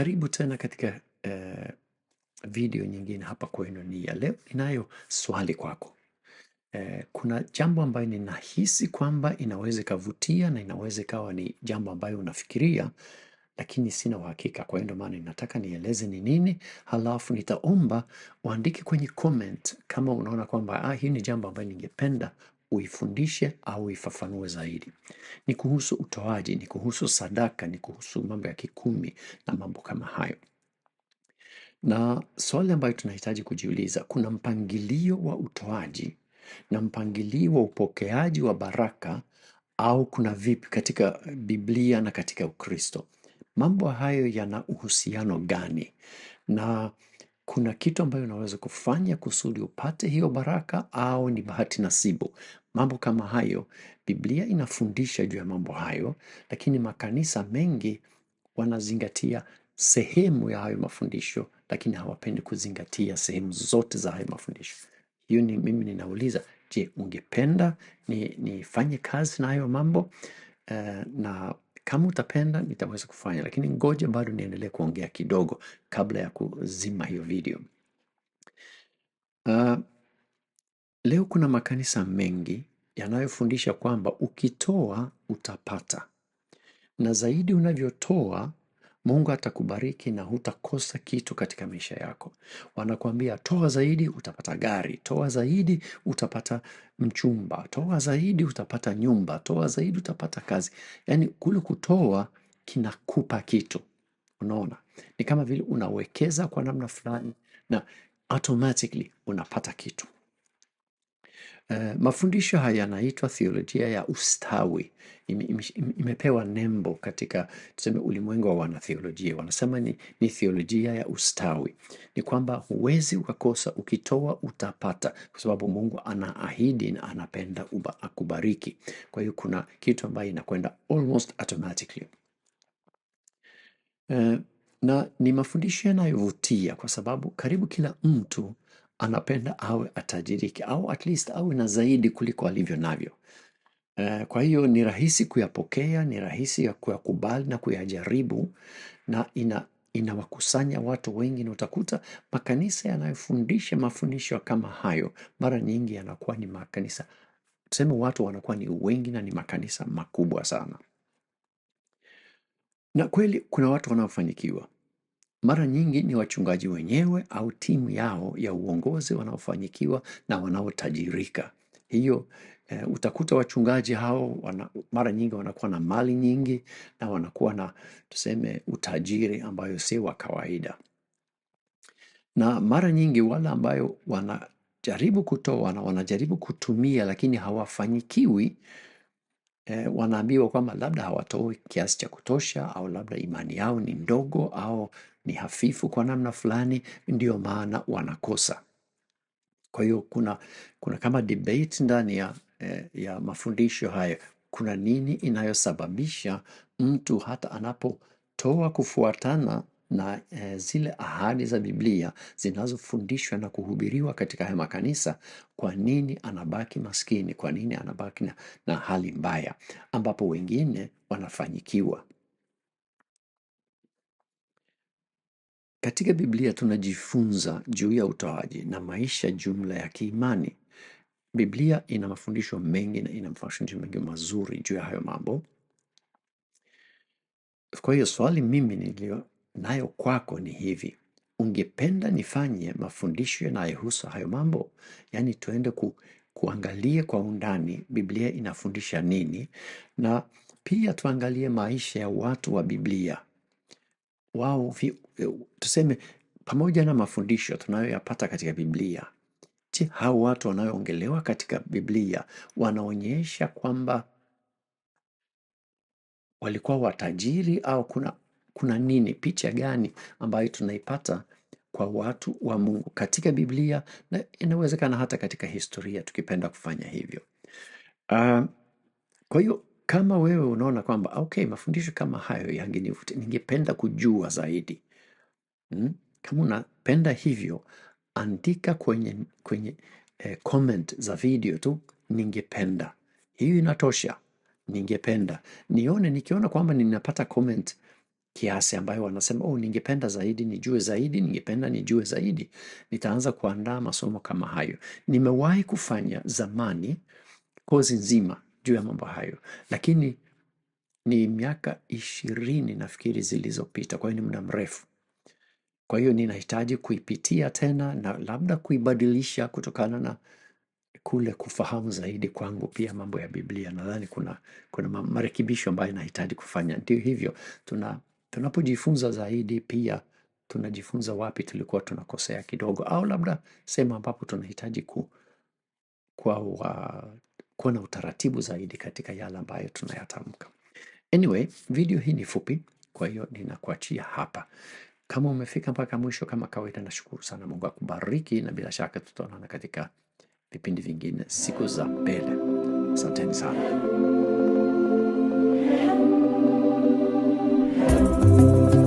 Karibu tena katika eh, video nyingine hapa kwenu. Ni ya leo, inayo swali kwako. Eh, kuna jambo ambayo ninahisi kwamba inaweza ikavutia na inaweza ikawa ni jambo ambayo unafikiria lakini sina uhakika. Kwa hiyo ndio maana ninataka nieleze ni nini, halafu nitaomba uandike kwenye comment kama unaona kwamba ah, hii ni jambo ambayo ningependa uifundishe au uifafanue zaidi. Ni kuhusu utoaji, ni kuhusu sadaka, ni kuhusu mambo ya kikumi na mambo kama hayo. Na swali ambayo tunahitaji kujiuliza, kuna mpangilio wa utoaji na mpangilio wa upokeaji wa baraka au kuna vipi katika Biblia na katika Ukristo? Mambo hayo yana uhusiano gani? Na kuna kitu ambayo unaweza kufanya kusudi upate hiyo baraka au ni bahati nasibu. Mambo kama hayo, Biblia inafundisha juu ya mambo hayo, lakini makanisa mengi wanazingatia sehemu ya hayo mafundisho, lakini hawapendi kuzingatia sehemu zote za hayo mafundisho. Hiyo ni mimi ninauliza, je, ungependa nifanye ni kazi na hayo mambo uh, na kama utapenda nitaweza kufanya, lakini ngoja bado niendelee kuongea kidogo kabla ya kuzima hiyo video. Uh, leo kuna makanisa mengi yanayofundisha kwamba ukitoa utapata, na zaidi unavyotoa Mungu atakubariki na hutakosa kitu katika maisha yako. Wanakuambia toa zaidi, utapata gari, toa zaidi, utapata mchumba, toa zaidi, utapata nyumba, toa zaidi, utapata kazi. Yaani kule kutoa kinakupa kitu. Unaona, ni kama vile unawekeza kwa namna fulani na automatically unapata kitu. Eh, mafundisho haya yanaitwa theolojia ya ustawi. imepewa nembo katika tuseme ulimwengu wa wanatheolojia, wanasema ni, ni theolojia ya ustawi. Ni kwamba huwezi ukakosa, ukitoa utapata, kwa sababu Mungu anaahidi na anapenda uba, akubariki. Kwa hiyo kuna kitu ambayo inakwenda almost automatically uh, na ni mafundisho yanayovutia kwa sababu karibu kila mtu anapenda awe atajiriki au at least awe na zaidi kuliko alivyo navyo. Eh, kwa hiyo ni rahisi kuyapokea, ni rahisi ya kuyakubali na kuyajaribu na ina inawakusanya watu wengi na utakuta makanisa yanayofundisha mafundisho kama hayo mara nyingi yanakuwa ni makanisa tuseme watu wanakuwa ni wengi na ni makanisa makubwa sana. Na kweli kuna watu wanaofanikiwa. Mara nyingi ni wachungaji wenyewe au timu yao ya uongozi wanaofanyikiwa na wanaotajirika. Hiyo e, utakuta wachungaji hao wana, mara nyingi wanakuwa na mali nyingi na wanakuwa na tuseme utajiri ambayo si wa kawaida. Na mara nyingi wale ambayo wanajaribu kutoa na wanajaribu kutumia lakini hawafanyikiwi eh, wanaambiwa kwamba labda hawatoi kiasi cha kutosha au labda imani yao ni ndogo au ni hafifu kwa namna fulani, ndiyo maana wanakosa. Kwa hiyo kuna, kuna kama debate ndani ya, eh, ya mafundisho hayo. Kuna nini inayosababisha mtu hata anapotoa kufuatana na e, zile ahadi za Biblia zinazofundishwa na kuhubiriwa katika haya makanisa, kwa nini anabaki maskini? Kwa nini anabaki na, na hali mbaya ambapo wengine wanafanyikiwa? Katika Biblia tunajifunza juu ya utoaji na maisha jumla ya kiimani. Biblia ina mafundisho mengi na ina mafundisho mengi mazuri juu ya hayo mambo. Kwa hiyo swali mimi nilio nayo kwako ni hivi ungependa nifanye mafundisho yanayohusu hayo mambo yaani tuende ku, kuangalie kwa undani biblia inafundisha nini na pia tuangalie maisha ya watu wa biblia wao tuseme pamoja na mafundisho tunayoyapata katika biblia je hao watu wanayoongelewa katika biblia wanaonyesha kwamba walikuwa watajiri au kuna kuna nini, picha gani ambayo tunaipata kwa watu wa Mungu katika Biblia na inawezekana hata katika historia tukipenda kufanya hivyo. Uh, kwa hiyo kama wewe unaona kwamba okay, mafundisho kama hayo yangenivutia, ningependa kujua zaidi hmm? Kama unapenda hivyo, andika kwenye, kwenye eh, comment za video tu, ningependa. Hiyo inatosha, ningependa nione. Nikiona kwamba ninapata comment kiasi ambayo wanasema oh, ningependa zaidi nijue zaidi, ningependa nijue zaidi. Nitaanza kuandaa masomo kama hayo. Nimewahi kufanya zamani kozi nzima juu ya mambo hayo, lakini ni miaka ishirini nafikiri zilizopita, kwa hiyo ni muda mrefu. Kwa hiyo ninahitaji kuipitia tena na labda kuibadilisha kutokana na kule kufahamu zaidi kwangu pia mambo ya Biblia. Nadhani kuna, kuna marekebisho ambayo inahitaji kufanya. Ndio hivyo tuna Tunapojifunza zaidi pia tunajifunza wapi tulikuwa tunakosea kidogo au labda sehemu ambapo tunahitaji ku kuwa na utaratibu zaidi katika yale ambayo tunayatamka. Anyway, video hii ni fupi kwa hiyo ninakuachia hapa. Kama umefika mpaka mwisho kama kawaida nashukuru sana Mungu akubariki na bila shaka tutaonana katika vipindi vingine siku za mbele. Asanteni sana. Thank you.